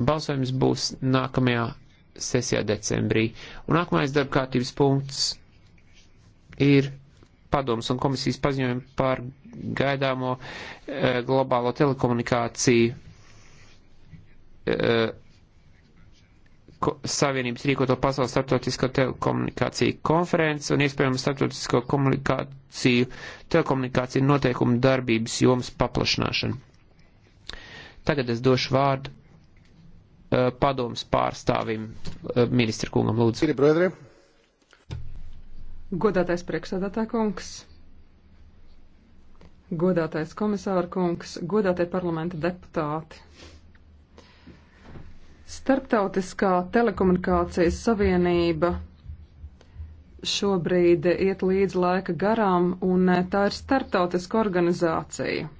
Balsojums būs nākamajā sesijā decembrī. Un nākamais darbkārtības punkts ir padoms un komisijas paziņojumi par gaidāmo e, globālo telekomunikāciju e, ko, Savienības rīkoto pasaules starptautisko telekomunikāciju konferenci un iespējams starptautisko komunikāciju, telekomunikāciju noteikumu darbības jomas paplašināšanu. Tagad es došu vārdu Eh, padoms pārstāvim eh, ministra kungam lūdzu. Godātais priekšsēdētā kungs, godātais komisāra kungs, godātie parlamenta deputāti. Starptautiskā telekomunikācijas savienība šobrīd iet līdz laika garām, un tā ir starptautiska organizācija.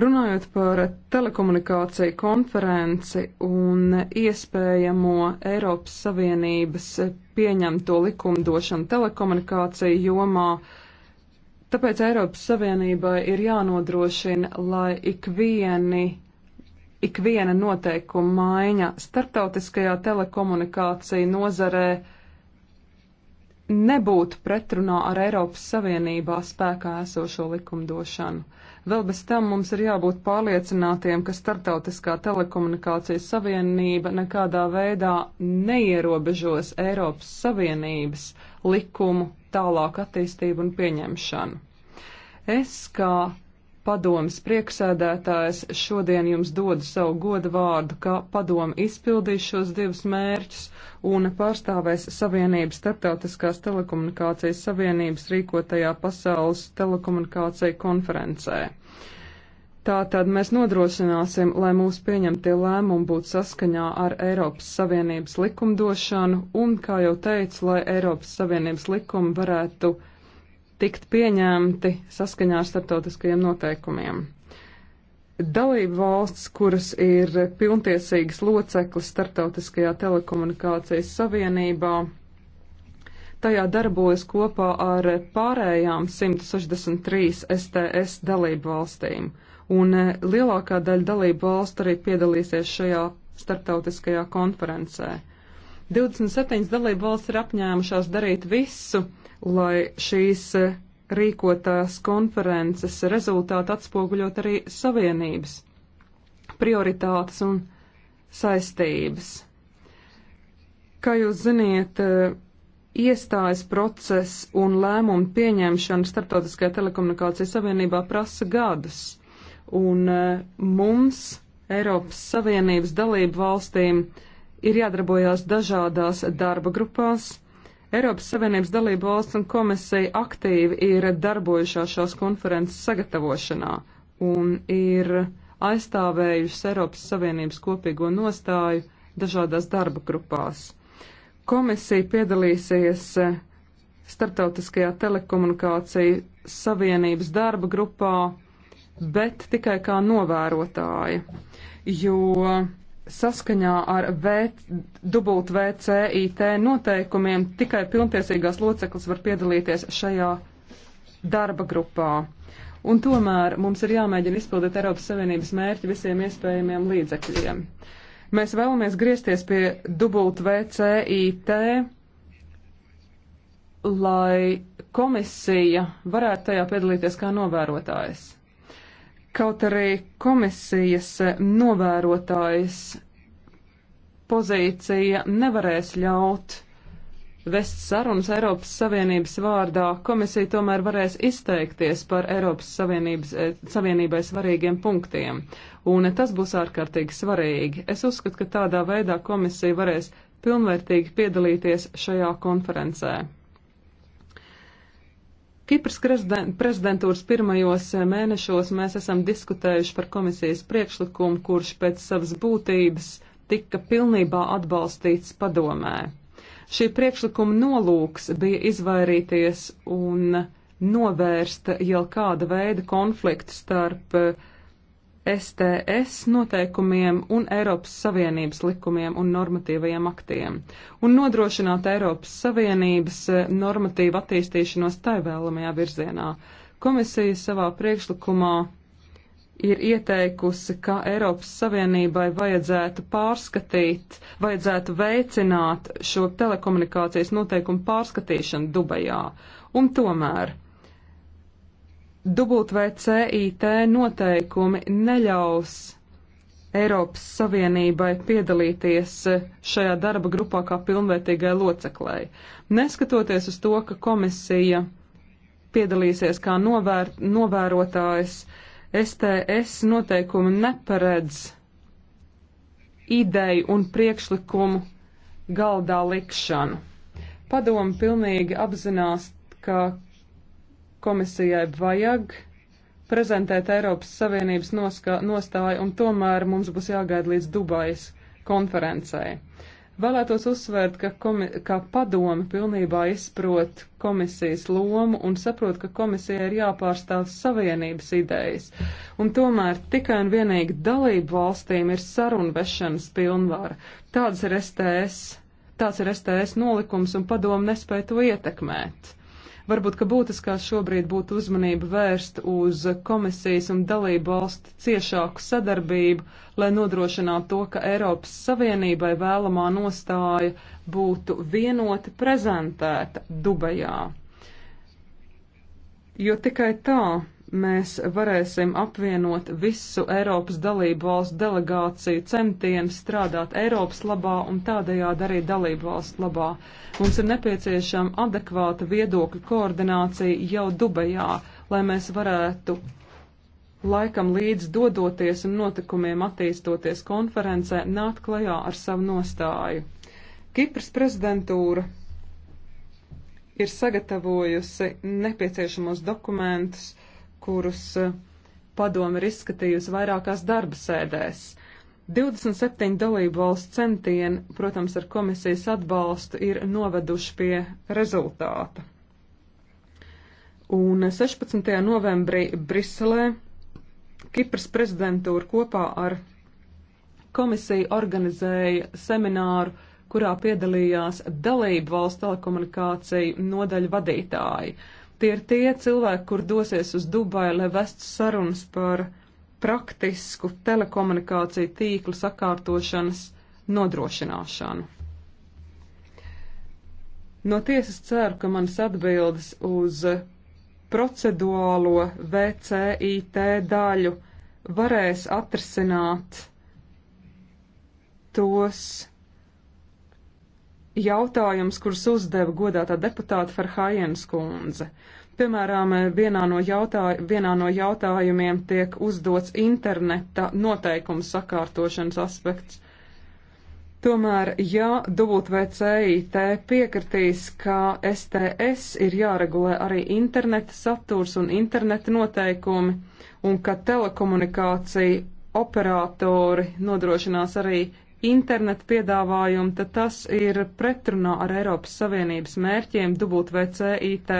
Runājot par telekomunikāciju konferenci un iespējamo Eiropas Savienības pieņemto likumdošanu telekomunikāciju jomā, tāpēc Eiropas Savienībai ir jānodrošina, lai ikvieni, ikviena noteikuma maiņa starptautiskajā telekomunikāciju nozarē nebūtu pretrunā ar Eiropas Savienībā spēkā esošo likumdošanu. Vēl bez tam mums ir jābūt pārliecinātiem, ka Startautiskā telekomunikācijas savienība nekādā veidā neierobežos Eiropas Savienības likumu tālāk attīstību un pieņemšanu. Es kā padomas prieksēdētājs šodien jums dodu savu godu vārdu, ka padoma izpildīs šos divus mērķus un pārstāvēs Savienības starptautiskās telekomunikācijas savienības rīkotajā pasaules telekomunikācija konferencē. Tātad mēs nodrošināsim, lai mūsu pieņemtie lēmumi būtu saskaņā ar Eiropas Savienības likumdošanu un, kā jau teicu, lai Eiropas Savienības likumi varētu uh, tikt pieņemti saskaņā ar starptautiskajiem noteikumiem. Dalību valsts, kuras ir pilntiesīgas loceklis starptautiskajā telekomunikācijas savienībā, tajā darbojas kopā ar pārējām 163 STS dalību valstīm, un e, lielākā daļa dalību valstu arī piedalīsies šajā starptautiskajā konferencē. 27 dalību valsts ir apņēmušās darīt visu, lai šīs eh, rīkotās konferences rezultāti atspoguļot arī savienības prioritātes un saistības. Kā jūs ziniet, eh, iestājas process un lēmumu pieņemšana Startautiskajā telekomunikācijas savienībā prasa gadus, un eh, mums, Eiropas Savienības dalību valstīm, ir jādarbojās dažādās darba grupās, Eiropas Savienības dalību valsts un komisija aktīvi ir darbojušās šās konferences sagatavošanā un ir aizstāvējušas Eiropas Savienības kopīgo nostāju dažādās darba grupās. Komisija piedalīsies e, Startautiskajā telekomunikāciju savienības darba grupā, bet tikai kā novērotāja, jo Saskaņā ar WCIT noteikumiem tikai pilntiesīgās loceklis var piedalīties šajā darba grupā. Un tomēr mums ir jāmēģina izpildīt Eiropas Savienības mērķi visiem iespējamiem līdzekļiem. Mēs vēlamies griezties pie WCIT, lai komisija varētu tajā piedalīties kā novērotājs. Kaut arī komisijas novērotājs pozīcija nevarēs ļaut vest sarunas Eiropas Savienības vārdā, komisija tomēr varēs izteikties par Eiropas Savienības, eh, Savienībai svarīgiem punktiem. Un tas būs ārkārtīgi svarīgi. Es uzskatu, ka tādā veidā komisija varēs pilnvērtīgi piedalīties šajā konferencē. Kipras prezidentūras pirmajos eh, mēnešos mēs esam diskutējuši par komisijas priekšlikumu, kurš pēc savas būtības tika pilnībā atbalstīts padomē. Šī priekšlikuma nolūks bija izvairīties un novērst jau kāda veida konfliktu starp uh, STS noteikumiem un Eiropas Savienības likumiem un normatīvajiem aktiem, un nodrošināt Eiropas Savienības e, normatīvu attīstīšanos tai vēlamajā virzienā. Komisija savā priekšlikumā ir ieteikusi, ka Eiropas Savienībai vajadzētu pārskatīt, vajadzētu veicināt šo telekomunikācijas noteikumu pārskatīšanu Dubajā. Un tomēr WCIT noteikumi neļaus Eiropas Savienībai piedalīties šajā darba grupā kā pilnvērtīgai loceklēji. Neskatoties uz to, ka komisija piedalīsies kā novēr novērotājs, STS noteikumi neparedz ideju un priekšlikumu galdā likšanu. Padomu pilnīgi apzinās, ka komisijai vajag prezentēt Eiropas Savienības nostāju, un tomēr mums būs jāgaida līdz Dubajas konferencē. Vēlētos uzsvērt, ka, komi, ka padome pilnībā izprot komisijas lomu un saprot, ka komisija ir jāpārstāv savienības idejas. Un tomēr tikai un vienīgi dalību valstīm ir sarunvešanas pilnvara. Tāds ir STS, tāds ir STS nolikums un padome nespēja to ietekmēt. Varbūt, ka būtiskās šobrīd būtu uzmanība vērst uz komisijas un dalību valstu ciešāku sadarbību, lai nodrošinātu to, ka Eiropas Savienībai vēlamā nostāja būtu vienoti prezentēta Dubajā. Jo tikai tā mēs varēsim apvienot visu Eiropas dalību valstu delegāciju centienu strādāt Eiropas labā un tādējādi arī dalību valstu labā. Mums ir nepieciešama adekvāta viedokļu koordinācija jau Dubajā, lai mēs varētu laikam līdz dodoties un notikumiem attīstoties konferencē nākt klajā ar savu nostāju. Kipras prezidentūra ir sagatavojusi nepieciešamos dokumentus, kurus eh, padomi ir izskatījusi vairākās darba sēdēs. 27 dalību valsts centieni, protams, ar komisijas atbalstu ir noveduši pie rezultāta. Un 16. novembrī Briselē Kipras prezidentūra kopā ar komisiju organizēja semināru, kurā piedalījās dalību valsts telekomunikāciju nodaļu vadītāji. Uh, Tie ir tie cilvēki, kur dosies uz Dubai, lai vestu sarunas par praktisku telekomunikāciju tīklu sakārtošanas nodrošināšanu. No tiesas ceru, ka manas atbildes uz procedūlo VCIT daļu varēs atrisināt tos jautājums, kurus uzdeva godātā deputāta Farhājienas kundze. Piemēram, vienā no, jautāj vienā no jautājumiem tiek uzdots interneta noteikumu sakārtošanas aspekts. Tomēr, ja WCIT piekritīs, ka STS ir jāregulē arī interneta saturs un interneta noteikumi, un ka telekomunikācija operatori nodrošinās arī internetu piedāvājumu, tad tas ir pretrunā ar Eiropas Savienības mērķiem WCIT.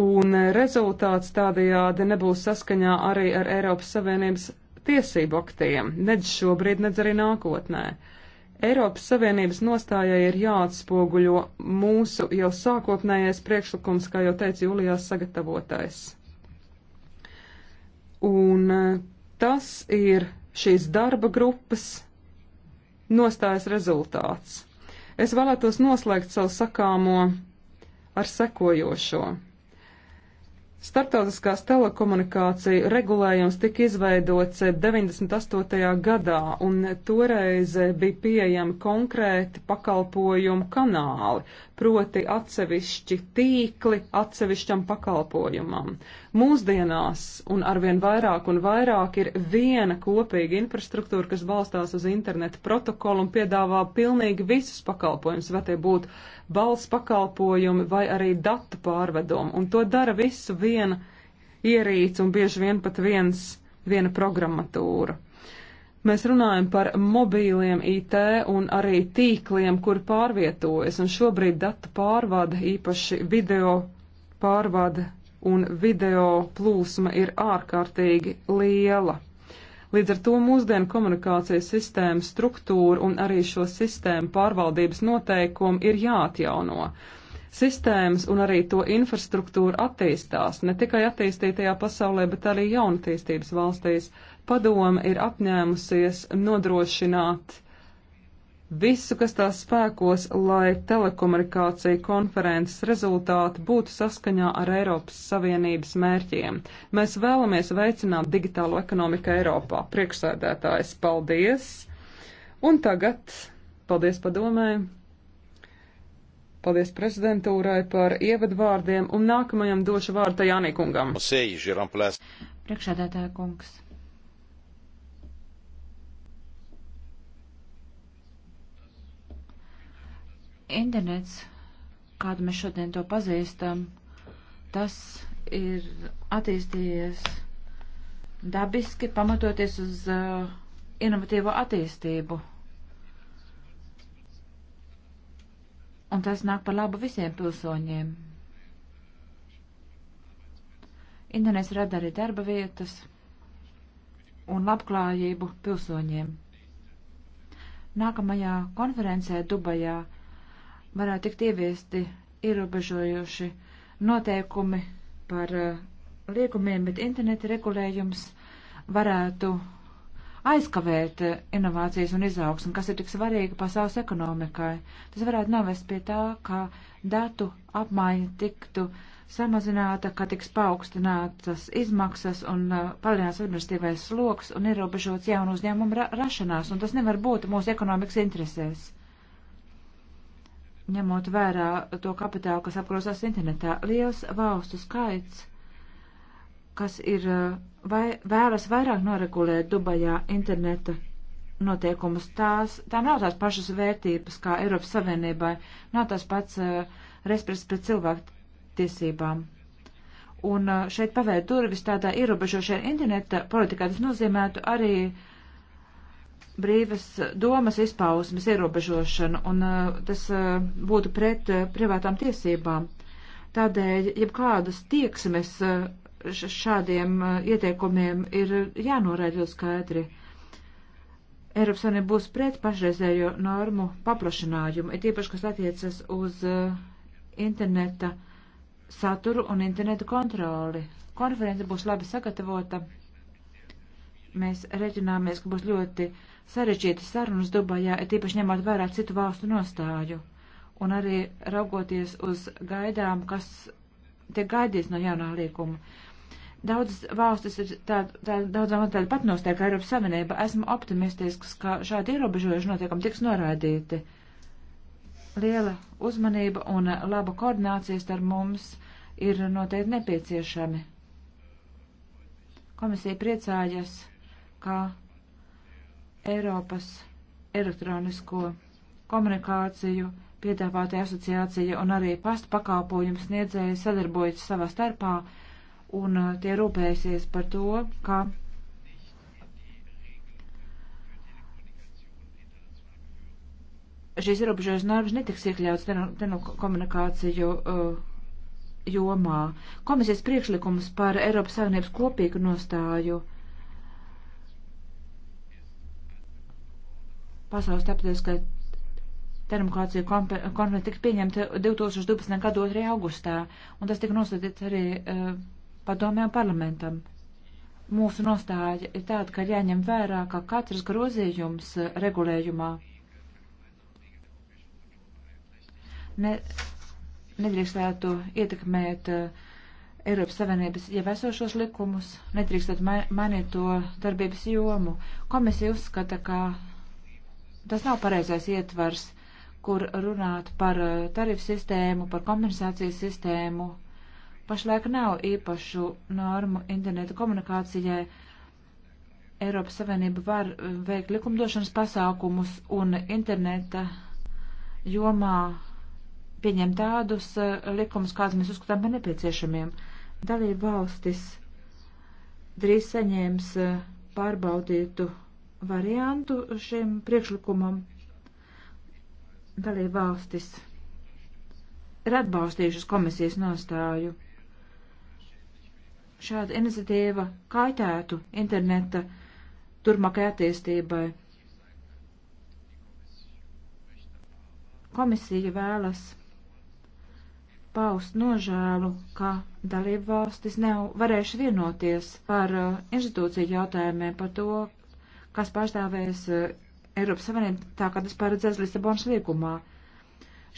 Un rezultāts tādajādi nebūs saskaņā arī ar Eiropas Savienības tiesību aktiem, nedz šobrīd, nedz arī nākotnē. Eiropas Savienības nostājai ir jāatspoguļo mūsu jau sākotnējais priekšlikums, kā jau teica Jūlijās sagatavotais. Un tas ir šīs darba grupas nostājas rezultāts. Es vēlētos noslēgt savu sakāmo ar sekojošo. Startautiskās telekomunikāciju regulējums tika izveidots 98. gadā, un toreiz bija pieejami konkrēti pakalpojumu kanāli, proti atsevišķi tīkli atsevišķam pakalpojumam. Mūsdienās un arvien vairāk un vairāk ir viena kopīga infrastruktūra, kas balstās uz internetu protokolu un piedāvā pilnīgi visus pakalpojumus, vai tie būtu balss pakalpojumi vai arī datu pārvedumi, un to dara visu viena ierīce un bieži vien pat viens, viena programmatūra. Mēs runājam par mobīliem IT un arī tīkliem, kur pārvietojas, un šobrīd datu pārvada, īpaši video pārvada un video plūsma ir ārkārtīgi liela. Līdz ar to mūsdienu komunikācijas sistēmu struktūru un arī šo sistēmu pārvaldības noteikumu ir jāatjauno. Sistēmas un arī to infrastruktūra attīstās ne tikai attīstītajā pasaulē, bet arī jaunatīstības valstīs. Padoma ir apņēmusies nodrošināt uh, visu, kas tās spēkos, lai telekomunikācija konferences rezultāti būtu saskaņā ar Eiropas Savienības mērķiem. Mēs vēlamies veicināt digitālo ekonomiku Eiropā. Priekšsēdētājs, paldies! Un tagad paldies padomēji! Paldies prezidentūrai par ievadvārdiem un nākamajam došu vārdu Jānī kungam. Priekšsēdētāja kungs. Internets, kādu mēs šodien to pazīstam, tas ir attīstījies dabiski, pamatoties uz uh, inovatīvo attīstību. Un tas nāk par labu visiem pilsoņiem. Internets rada arī darba vietas un labklājību pilsoņiem. Nākamajā konferencē Dubajā varētu tikt ieviesti ierobežojoši noteikumi par uh, liekumiem, bet interneta regulējums varētu aizkavēt uh, inovācijas un izaugsmu, kas ir tik svarīga pasaules ekonomikai. Tas varētu novest pie tā, ka datu apmaiņa tiktu samazināta, ka tiks paaugstinātas izmaksas un uh, palielināts administratīvais sloks un ierobežots jaunu uzņēmumu ra rašanās, un tas nevar būt mūsu ekonomikas interesēs ņemot vērā to kapitālu, kas apgrozās internetā. Liels valstu skaits, kas ir eh, vai, vēlas vairāk noregulēt Dubajā interneta noteikumus, tās, tām nav tās pašas vērtības kā Eiropas Savienībai, nav tās pats uh, eh, respekts pret cilvēku tiesībām. Un uh, šeit pavērt durvis tādā ierobežošajā interneta politikā, tas nozīmētu arī uh, brīvas domas izpausmes ierobežošanu, un uh, tas uh, būtu pret uh, privātām tiesībām. Tādēļ, ja kādas tieksmes šādiem ieteikumiem ir jānoraida ļoti skaidri. Eiropas Savienība būs pret pašreizējo normu paplašinājumu, ir tīpaši, kas attiecas uz interneta saturu un interneta kontroli. Konference būs labi sagatavota. Mēs reģināmies, ka būs ļoti uh, sarežģītas sarunas Dubajā, ir tīpaši ņemot vērā citu valstu nostāju un arī raugoties uz gaidām, kas tiek gaidīts no jaunā līkuma. Daudzas valstis ir tā, tā, daudzām tāda pat nostāja kā Eiropas Savienība. Esmu optimistisks, ka šādi ierobežojuši notiekam tiks noraidīti. Liela uzmanība un laba koordinācija starp mums ir noteikti nepieciešami. Komisija priecājas, ka Eiropas elektronisko komunikāciju piedāvātie asociācija un arī pastu pakalpojumu sniedzēji sadarbojas savā starpā un uh, tie rūpēsies par to, ka šīs ierobežojas normas netiks iekļauts telekomunikāciju uh, jomā. Komisijas priekšlikums par Eiropas Savienības kopīgu nostāju pasaules starptautiskā termokācija konvencija tika pieņemta 2012. gada 2. augustā, un tas tika nosūtīts arī uh, padomē un parlamentam. Mūsu nostāja ir tāda, ka ir jāņem vērā, ka katrs grozījums e, regulējumā ne, nedrīkstētu ietekmēt uh, Eiropas Savienības jau esošos likumus, nedrīkstētu mainīt to darbības jomu. Komisija uzskata, ka tas nav pareizais ietvars, kur runāt par uh, tarifu sistēmu, par kompensācijas sistēmu. Pašlaik nav īpašu normu interneta komunikācijai. Eiropas Savienība var uh, veikt likumdošanas pasākumus un interneta jomā pieņem tādus uh, likumus, kādus mēs uzskatām par nepieciešamiem. Dalība valstis drīz saņēms pārbaudītu variantu šim priekšlikumam dalība valstis ir atbalstījušas komisijas nostāju. Šāda iniciatīva kaitētu interneta turmākai attīstībai. Komisija vēlas paust nožēlu, ka dalību valstis nav varējuši vienoties par uh, institūciju jautājumiem par to, kas pārstāvēs eh, Eiropas Savienību tā, kā tas paredzēts Lisabonas līgumā.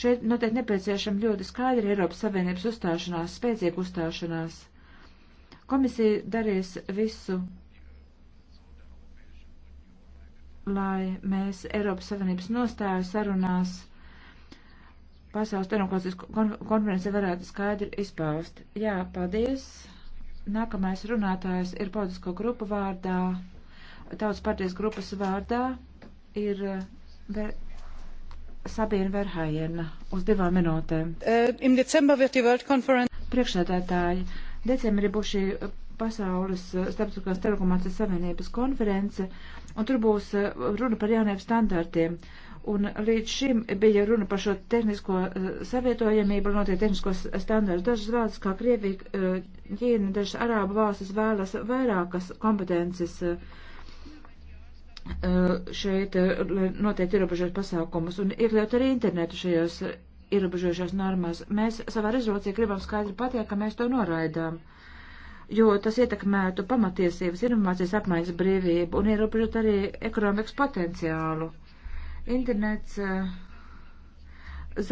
Šeit noteikti nepieciešama ļoti skaidra Eiropas Savienības uzstāšanās, spēcīga uzstāšanās. Komisija darīs visu, lai mēs Eiropas Savienības nostāju sarunās pasaules demokrātijas konferencē varētu skaidri izpaust. Jā, paldies. Nākamais runātājs ir politisko grupu vārdā tautas partijas grupas vārdā ir eh, ver, Sabīna Verhājena uz divām minūtēm. Uh, Priekšsēdētāji, decembrī būs šī eh, pasaules starptautiskās telekomunikācijas savienības konference, un tur būs runa par jauniem standartiem. Un līdz šim bija runa par šo tehnisko savietojamību, notiek tehniskos standartus. Dažas valstis, kā Krievija, Ķīna, dažas arābu valstis vēlas vairākas kompetences uh, Eh, šeit, eh, lai noteikti ierobežot pasākumus un iekļaut arī internetu šajos ierobežojušās normās. Mēs savā rezolūcijā gribam skaidri pateikt, ka mēs to noraidām, jo tas ietekmētu pamatiesības, informācijas apmaiņas brīvību un ierobežot arī ekonomikas potenciālu. Internets eh,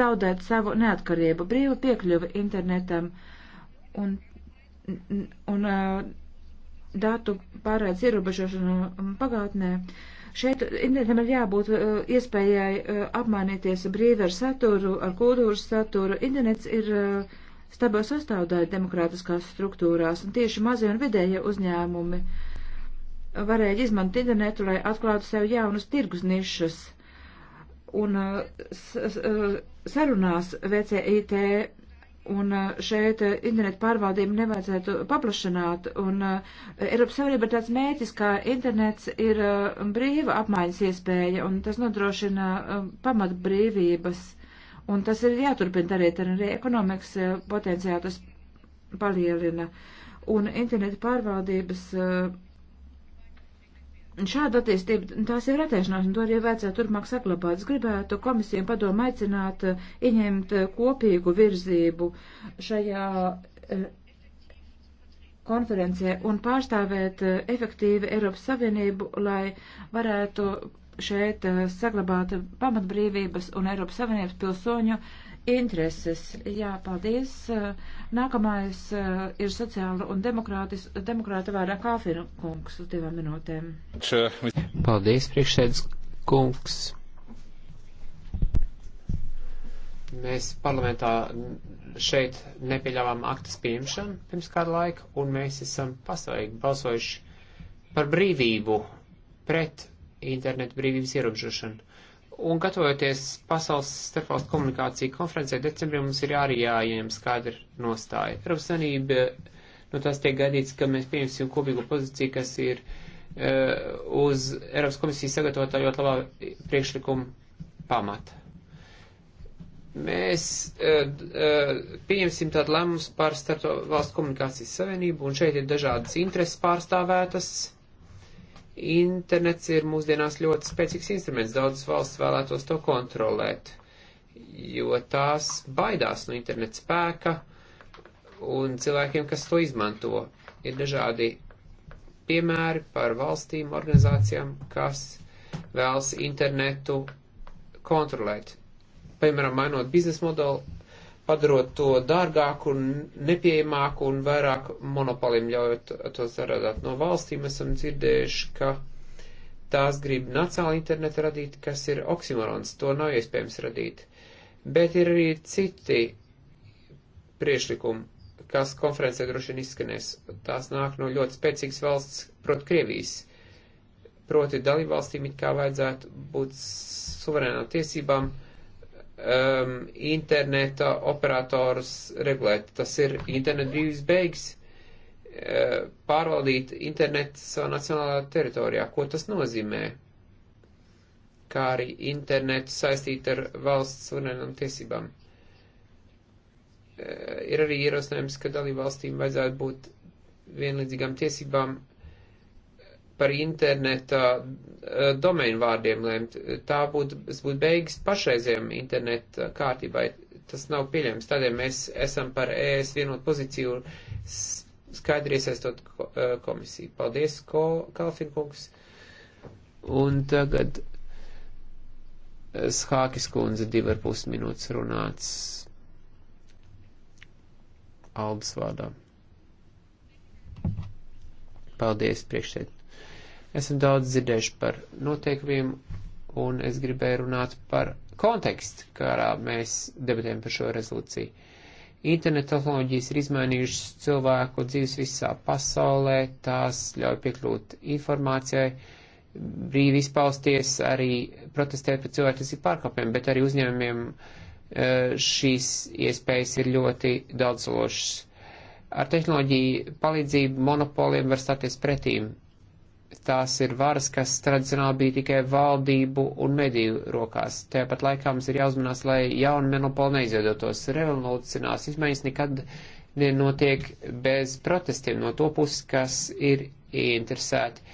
zaudēt savu neatkarību, brīvu piekļuvi internetam un, un datu pārēdz ierobežošanu pagātnē. Šeit internetam ir jābūt uh, iespējai uh, apmainīties brīvi ar saturu, ar kultūras saturu. Internets ir uh, eh, stabils sastāvdaļa demokrātiskās struktūrās, un tieši mazie un vidējie uzņēmumi varēja izmantot internetu, lai atklātu sev jaunas tirgus nišas. Un sarunās VCIT Un eh, šeit eh, internetu pārvaldību nevajadzētu paplašināt. Un eh, Eiropas Savienība ir tāds mērķis, ka internets ir brīva apmaiņas iespēja, un tas nodrošina pamat brīvības. Un tas ir jāturpina darīt, arī ekonomikas potenciāli tas palielina. Un internetu pārvaldības uh, Šāda attīstība, tās ir attīšanās, un to arī vajadzētu turpmāk saglabāt. Es gribētu komisiju padomu aicināt eh, ieņemt eh, kopīgu virzību šajā eh, konferencē un pārstāvēt efektīvi Eiropas Savienību, lai varētu šeit saglabāt pamatbrīvības un Eiropas Savienības pilsoņu uh, intereses. Jā, paldies. Nākamais eh, ir sociāla un demokrāta vārdā Kāfira kungs uz divām minūtēm. Paldies, priekšsēdus kungs. Mēs parlamentā šeit nepieļāvām aktas pieņemšanu pirms kāda laika, un mēs esam pastāvīgi balsojuši par brīvību pret internetu brīvības ierobežošanu Un gatavoties pasaules starpvalstu komunikāciju konferencē decembrī, mums ir arī jāieņem skaidra nostāja. Eiropas Savienība, no nu, tās tiek gaidīts, ka mēs pieņemsim kopīgu pozīciju, kas ir uh, uz Eiropas komisijas sagatavotā ļoti labā priekšlikuma pamata. Mēs uh, uh, pieņemsim tādu lēmumus par starpvalstu komunikācijas savienību, un šeit ir dažādas intereses pārstāvētas. Uh, Internets ir mūsdienās ļoti spēcīgs instruments, daudzas valsts vēlētos to kontrolēt, jo tās baidās no interneta spēka un cilvēkiem, kas to izmanto. Ir dažādi piemēri par valstīm, organizācijām, kas vēlas internetu kontrolēt. Piemēram, mainot biznesa modeli, padarot to dārgāku un nepieejamāku un vairāk monopoliem ļaujot to sarādāt no valstīm, esam dzirdējuši, ka tās grib nacionāli internetu radīt, kas ir oksimorons, to nav iespējams radīt. Bet ir arī citi priešlikumi, kas konferencē droši vien izskanēs. Tās nāk no ļoti spēcīgas valsts, proti Krievijas. Proti dalībvalstīm it kā vajadzētu būt suverēnām tiesībām uh, um, interneta operators regulēt. Tas ir internet brīvības beigas uh, pārvaldīt internetu savā nacionālā teritorijā. Ko tas nozīmē? kā arī internetu saistīt ar valsts suverēnām tiesībām. Uh, ir arī ierosinājums, ka dalībvalstīm vajadzētu būt vienlīdzīgām tiesībām par interneta eh, domeinu vārdiem lēmt. Tā būtu, būtu beigas pašreizējiem interneta kārtībai. Tas nav pieļams. Tādēļ mēs esam par ES vienotu pozīciju skaidri iesaistot eh, komisiju. Paldies, ko, Kalfinkungs. Un tagad eh, Skākis kundze divi ar pus minūtes runāts Aldas vārdā. Paldies, priekšsēd. Esam daudz dzirdējuši par noteikumiem, un es gribēju runāt par kontekstu, kādā mēs debatējam par šo rezolūciju. Internet tehnoloģijas ir izmainījušas cilvēku dzīves visā pasaulē, tās ļauj piekļūt informācijai, brīvi izpausties, arī protestēt par cilvēktiesību pārkāpumiem, bet arī uzņēmumiem eh, šīs iespējas ir ļoti daudzološas. Ar tehnoloģiju palīdzību monopoliem var stāties pretīm tās ir varas, kas tradicionāli bija tikai valdību un mediju rokās. Tāpat laikā mums ir jāuzmanās, lai jauni monopoli neizveidotos. Revolucionās izmaiņas nekad nenotiek bez protestiem no to puses, kas ir interesēti.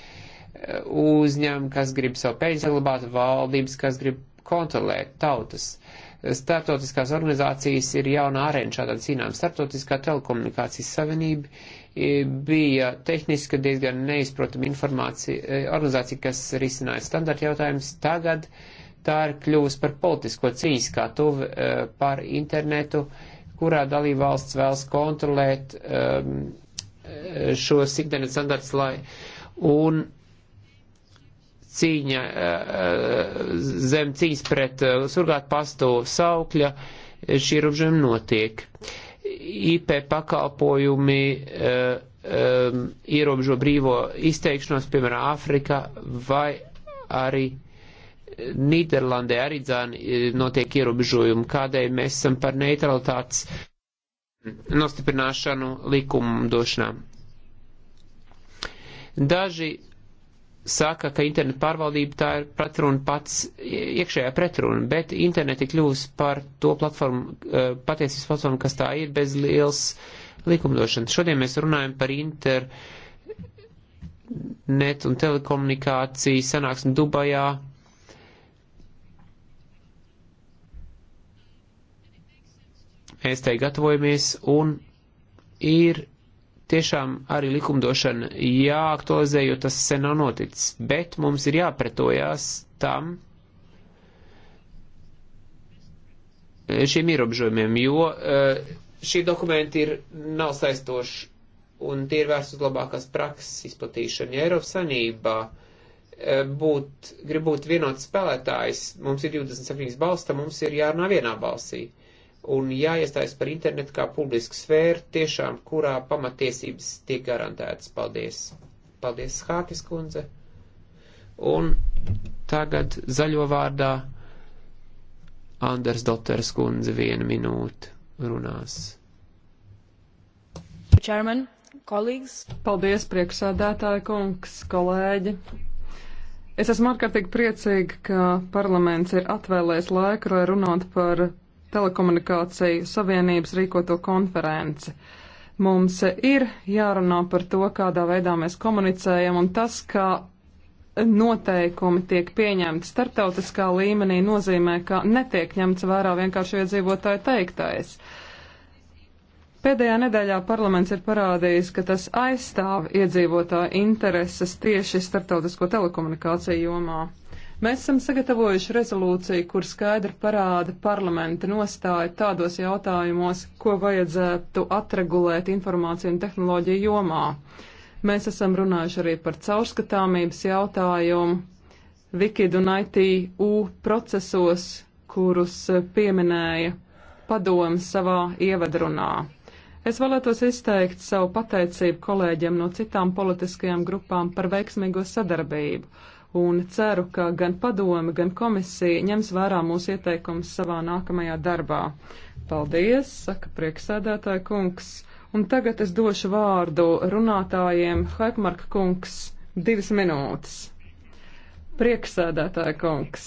Uzņēmumi, kas grib savu peļņu saglabāt, valdības, kas grib kontrolēt tautas. Uh, starptautiskās organizācijas ir jauna arēna šādām cīnām. Starptautiskā telekomunikācijas savienība e, bija tehniski diezgan neizprotama informācija, e, organizācija, kas risināja standarta jautājumus. Tagad tā ir kļuvusi par politisko cīņas kā tuvu e, par internetu, kurā dalībvalsts vēlas kontrolēt šos internetu standarts, lai un cīņa, eh, eh, zem cīņas pret eh, surgāt pastu saukļa šī rubžiem notiek. IP pakalpojumi ierobežo brīvo izteikšanos, piemēram, Āfrika vai arī Nīderlandē arī dzēni notiek ierobežojumi, kādēļ mēs esam par neutralitātes nostiprināšanu likumdošanā. Daži saka, ka internetu pārvaldība tā ir pretruna pats iekšējā pretruna, bet interneti kļūs par to platformu, e, patiesības platformu, kas tā ir bez liels likumdošanas. Šodien mēs runājam par internetu un telekomunikāciju sanāksmi Dubajā. Mēs tai gatavojamies un ir tiešām arī likumdošana jāaktualizē, jo tas sen nav noticis. Bet mums ir jāpretojās tam e, šiem ierobežojumiem, jo e, šie dokumenti ir nav saistoši un tie ir vērsti uz labākās prakses izplatīšanu. Ja Eiropas Sanībā e, būt, grib būt vienots spēlētājs, mums ir 27 balsta, mums ir jārunā vienā balsī un jāiestājas par internetu kā publisku sfēru, tiešām kurā pamatiesības tiek garantētas. Paldies! Paldies, Hākis kundze! Un tagad zaļo vārdā Anders Dotters kundze vienu minūti runās. Chairman, colleagues. Paldies, priekšsādātāja kungs, kolēģi! Es esmu ārkārtīgi priecīga, ka parlaments ir atvēlējis laiku, lai runātu par telekomunikāciju savienības rīkoto konferenci. Mums ir jārunā par to, kādā veidā mēs komunicējam, un tas, ka noteikumi tiek pieņemti starptautiskā līmenī, nozīmē, ka netiek ņemts vērā vienkārši iedzīvotāju teiktais. Pēdējā nedēļā parlaments ir parādījis, ka tas aizstāv iedzīvotāju intereses tieši starptautisko telekomunikāciju jomā. Mēs esam sagatavojuši rezolūciju, kur skaidri parāda parlamenta nostāju tādos jautājumos, ko vajadzētu atregulēt informāciju un tehnoloģiju jomā. Mēs esam runājuši arī par caurskatāmības jautājumu Wikid un ITU procesos, kurus pieminēja padomas savā ievadrunā. Es vēlētos izteikt savu pateicību kolēģiem no citām politiskajām grupām par veiksmīgo sadarbību un ceru, ka gan padome, gan komisija ņems vērā mūsu ieteikumus savā nākamajā darbā. Paldies, saka prieksēdētāja kungs. Un tagad es došu vārdu runātājiem Haikmarka kungs divas minūtes. Prieksēdētāja kungs.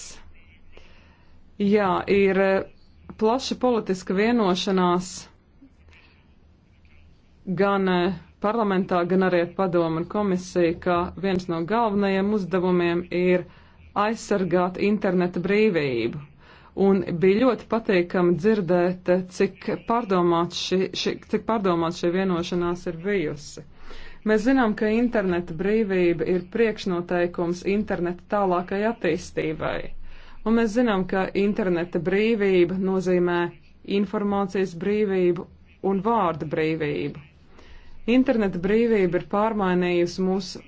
Jā, ir plaša politiska vienošanās gan parlamentā, gan arī ar padomu un komisiju, ka viens no galvenajiem uzdevumiem ir aizsargāt interneta brīvību. Un bija ļoti patīkami dzirdēt, cik pārdomāta šī, šī, cik pārdomāt šī vienošanās ir bijusi. Mēs zinām, ka interneta brīvība ir priekšnoteikums interneta tālākai attīstībai. Un mēs zinām, ka interneta brīvība nozīmē informācijas brīvību un vārda brīvību. Interneta brīvība ir pārmainījusi mūsu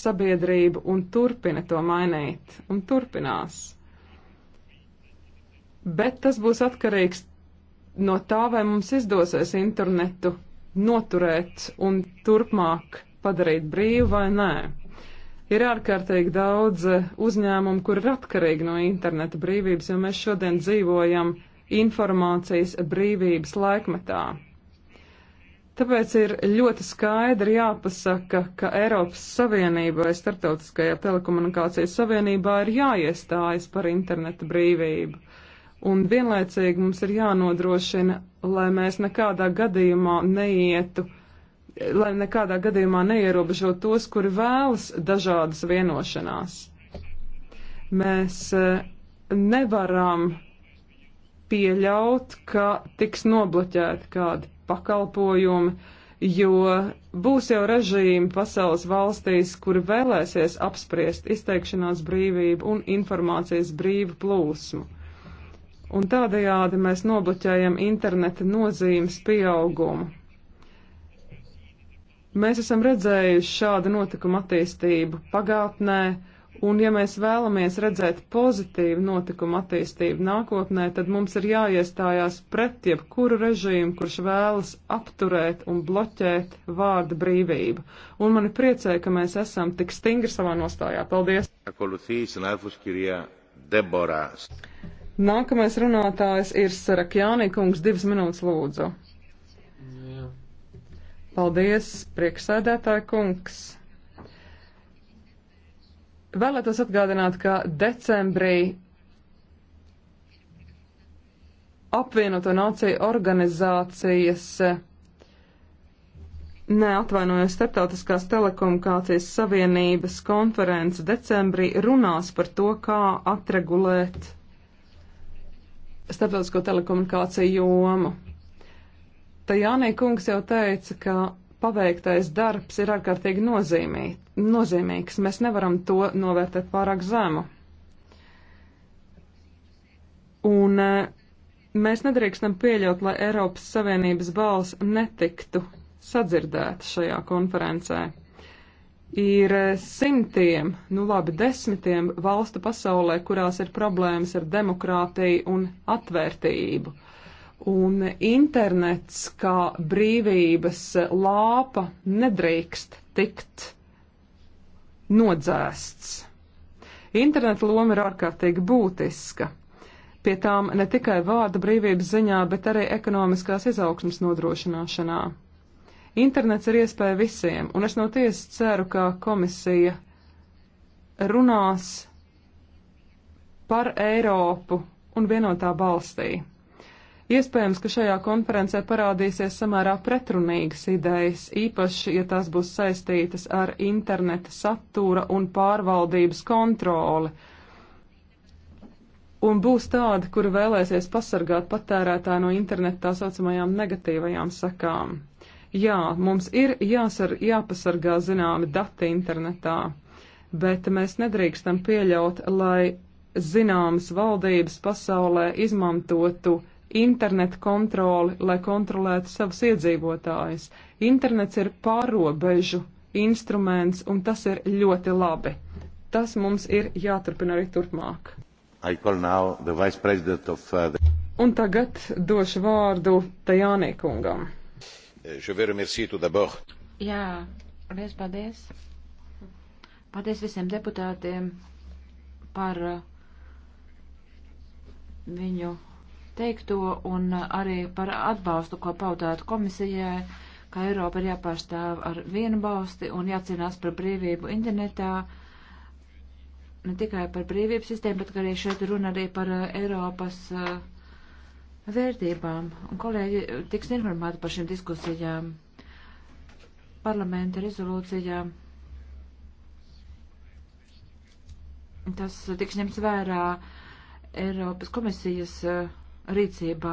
sabiedrību un turpina to mainīt un turpinās. Bet tas būs atkarīgs no tā, vai mums izdosies internetu noturēt un turpmāk padarīt brīvu vai nē. Ir ārkārtīgi daudz eh, uzņēmumu, kur ir atkarīgi no interneta brīvības, jo mēs šodien dzīvojam informācijas brīvības laikmetā. Tāpēc ir ļoti skaidri jāpasaka, ka Eiropas Savienībai, Startautiskajā telekomunikācijas savienībā ir jāiestājas par interneta brīvību. Un vienlaicīgi mums ir jānodrošina, lai mēs nekādā gadījumā neietu, lai nekādā gadījumā neierobežot tos, kuri vēlas dažādas vienošanās. Mēs eh, nevaram pieļaut, ka tiks nobloķēti kādi pakalpojumi, jo būs jau režīmi pasaules valstīs, kuri vēlēsies apspriest izteikšanās brīvību un informācijas brīvu plūsmu. Un tādējādi mēs nobloķējam interneta nozīmes pieaugumu. Mēs esam redzējuši šādu notikumu attīstību pagātnē, Un ja mēs vēlamies redzēt pozitīvu notikumu attīstību nākotnē, tad mums ir jāiestājās pret jebkuru režīmu, kurš vēlas apturēt un bloķēt vārda brīvību. Un mani priecē, ka mēs esam tik stingri savā nostājā. Paldies! Nākamais runātājs ir Sarakjānī kungs, divas minūtes lūdzu. Paldies, prieksēdētāji kungs! Vēlētos atgādināt, ka decembrī apvienoto nāciju organizācijas neatvainojos Startautiskās telekomunikācijas savienības konference decembrī runās par to, kā atregulēt starptautisko telekomunikāciju jomu. Tā Jānī kungs jau teica, ka paveiktais darbs ir ārkārtīgi nozīmī, nozīmīgs. Mēs nevaram to novērtēt pārāk zemu. Un e, mēs nedrīkstam pieļaut, lai Eiropas Savienības balss netiktu sadzirdēta šajā konferencē. Ir e, simtiem, nu labi, desmitiem valstu pasaulē, kurās ir problēmas ar demokrātiju un atvērtību. Uh, Un internets kā brīvības lāpa nedrīkst tikt nodzēsts. Interneta loma ir ārkārtīgi būtiska. Pie tām ne tikai vārda brīvības ziņā, bet arī ekonomiskās izaugsmas nodrošināšanā. Internets ir iespēja visiem, un es no tiesas ceru, ka komisija runās par Eiropu un vienotā balstī. Iespējams, ka šajā konferencē parādīsies samērā pretrunīgas idejas, īpaši, ja tās būs saistītas ar interneta satura un pārvaldības kontroli. Un būs tādi, kuri vēlēsies pasargāt patērētāju no interneta tā saucamajām negatīvajām sakām. Jā, mums ir jāsar, jāpasargā zināmi dati internetā, bet mēs nedrīkstam pieļaut, lai zināmas valdības pasaulē izmantotu internetu kontroli, lai kontrolētu savus iedzīvotājus. Internets ir pārobežu instruments, un tas ir ļoti labi. Tas mums ir jāturpina arī turpmāk. Of, uh, the... Un tagad došu vārdu Tajānī kungam. Jā, liels paldies. Paldies visiem deputātiem par uh, viņu teikto un arī par atbalstu, ko paudāt komisijai, ka Eiropa ir jāpārstāv ar vienu balsti un jācīnās par brīvību internetā. Ne tikai par brīvības sistēmu, bet arī šeit runa arī par Eiropas uh, vērtībām. Un kolēģi tiks informēti par šīm diskusijām, parlamenta rezolūcijām. Tas tiks ņemts vērā Eiropas komisijas uh, rīcībā,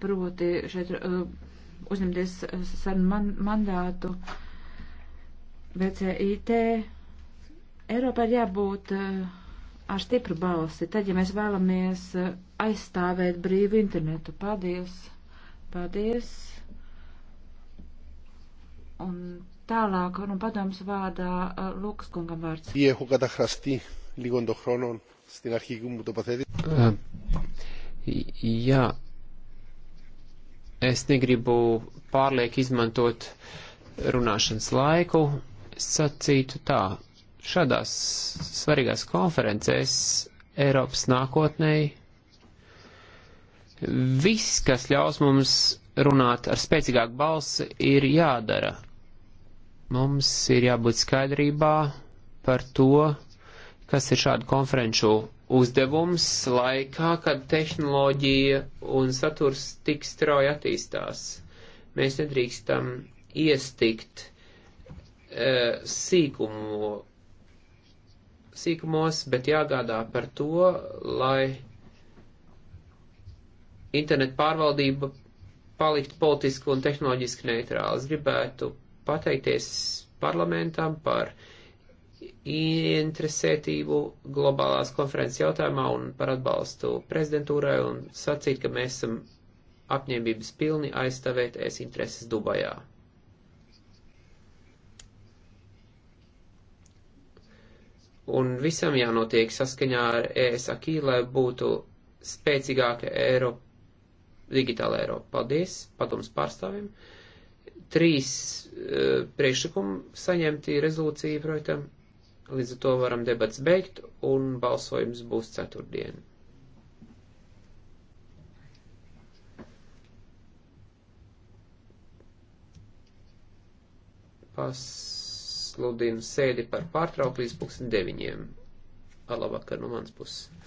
proti šeit uh, uzņemties sarunu man, mandātu VCIT. Eiropā ir jābūt uh, ar stipru balsi, tad, ja mēs vēlamies uh, aizstāvēt brīvu internetu. Paldies! Paldies! Un tālāk, nu, padoms vārdā uh, Lūkas kungam vārds. Liehu katahrastī, ligondo hronon, stinarhīgumu to patēdi. Uh, Jā, es negribu pārlieku izmantot runāšanas laiku. Es sacītu tā, šādās svarīgās konferencēs Eiropas nākotnēji viss, kas ļaus mums runāt ar spēcīgāku balsi, ir jādara. Mums ir jābūt skaidrībā par to, kas ir šādu konferenču uzdevums laikā, kad tehnoloģija un saturs tik strauji attīstās. Mēs nedrīkstam iestikt e, sīkumu, sīkumos, bet jāgādā par to, lai internetu pārvaldība paliktu politiski un tehnoloģiski neitrāls. Gribētu pateikties parlamentam par uh, ieinteresētību globālās konferences jautājumā un par atbalstu prezidentūrai un sacīt, ka mēs esam apņēmības pilni aizstāvēt es intereses Dubajā. Un visam jānotiek saskaņā ar ES akī, lai būtu spēcīgāka Eiropa, digitāla Eiropa. Paldies padoms pārstāvim. Trīs uh, eh, priekšlikumi saņemti rezolūciju projektam Līdz ar to varam debats beigt, un balsojums būs ceturtdien. Pasludinu sēdi par pārtraukt līdz pulksten deviņiem. Labvakar no manas puses.